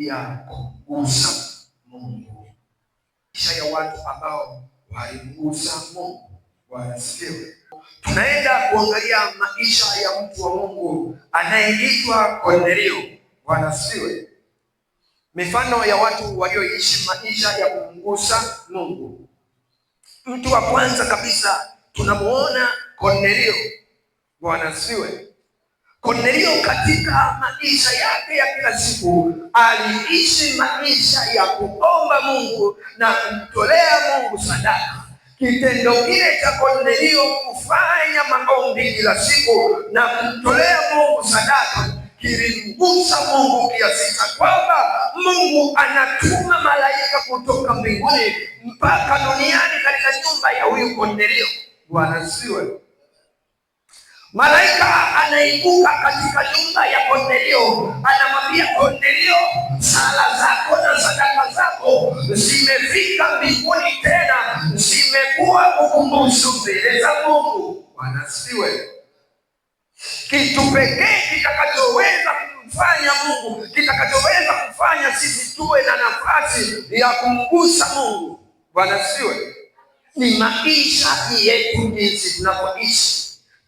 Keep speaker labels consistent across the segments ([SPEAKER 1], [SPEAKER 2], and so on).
[SPEAKER 1] ya kumgusa Mungu. Kisha ya watu ambao walimgusa Mungu wasifiwe. Tunaenda kuangalia maisha ya mtu wa Mungu anayeitwa Kornelio. Bwana Mifano ya watu walioishi maisha ya kumgusa Mungu. Mtu wa kwanza kabisa tunamuona Kornelio. Bwana Kornelio katika maisha yake ya kila siku aliishi maisha ya kuomba Mungu na kumtolea Mungu sadaka. Kitendo kile cha Kornelio kufanya maombi kila siku na kumtolea Mungu sadaka kilimgusa Mungu kiasi cha kwamba Mungu anatuma malaika kutoka mbinguni mpaka duniani katika nyumba ya huyu Kornelio. Bwana siwe Malaika anaibuka katika nyumba ya Kornelio, anamwambia Kornelio, sala zako na sadaka zako zimefika mbinguni, tena zimekuwa ukumbusho mbele za Mungu. Bwana asifiwe. Kitu pekee kitakachoweza kumfanya Mungu, kitakachoweza kufanya sisi tuwe na nafasi ya kumgusa Mungu, Bwana asifiwe, ni maisha yetu jinsi tunapoishi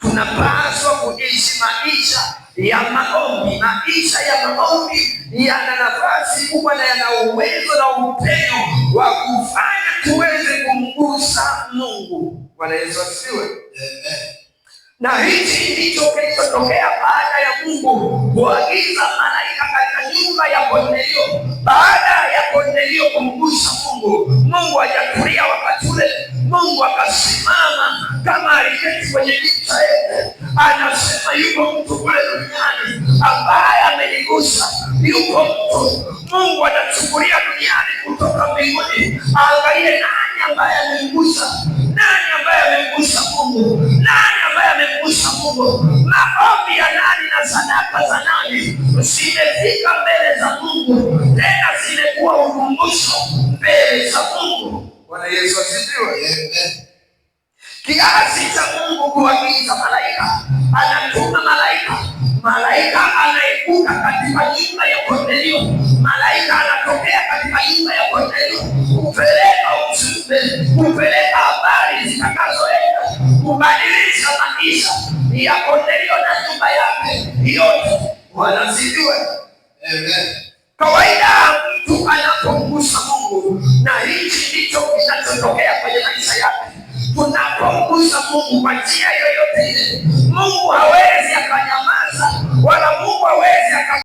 [SPEAKER 1] tunapaswa kuishi maisha ya maombi. Maisha ya maombi yana nafasi kubwa na yana uwezo na upeno wa kufanya tuweze kumgusa Mungu. Bwana Yesu asifiwe. Na hichi ndicho kilichotokea baada ya Mungu kuagiza malaika katika nyumba ya Kornelio. akasimama kama aliketi kwenye kiti cha anasema yuko mtu kule duniani ambaye amenigusa. Yuko mtu Mungu atachukulia duniani kutoka mbinguni, angalie nani ambaye amemgusa, nani ambaye amemgusa Mungu, nani ambaye amemgusa Mungu. Maombi ya nani na sadaka za nani zimefika mbele za Mungu, tena zimekuwa ukumbusho mbele za Mungu. Bwana Yesu asifiwe. Kiasi cha Mungu kuagiza malaika, anatuma malaika, malaika anaibuka katika nyumba ya Kornelio, malaika anatokea katika nyumba ya Kornelio kupeleka ujumbe, kupeleka habari zitakazoenda kubadilisha maisha ya Kornelio na nyumba yake yote. Bwana asifiwe. Kawaida mtu anapogusa Mungu kwa njia yoyote ile. Mungu hawezi akanyamaza, wala Mungu hawezi